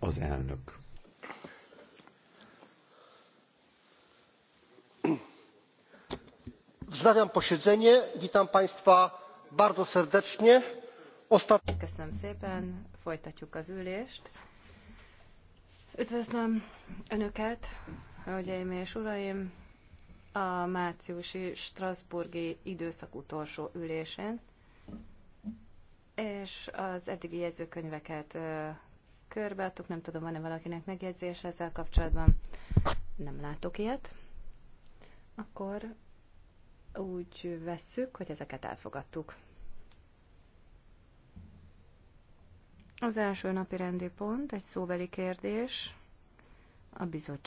Az elnök. Wznawiam posiedzenie. Witam państwa bardzo serdecznie. Köszönöm szépen. Folytatjuk az ülést. Üdvözlöm Önöket, hölgyeim és uraim, a márciusi Strasburgi időszak utolsó ülésén és az eddigi jegyzőkönyveket körbeadtuk, nem tudom, van-e valakinek megjegyzés ezzel kapcsolatban. Nem látok ilyet. Akkor úgy vesszük, hogy ezeket elfogadtuk. Az első napi rendi pont egy szóbeli kérdés a bizottság.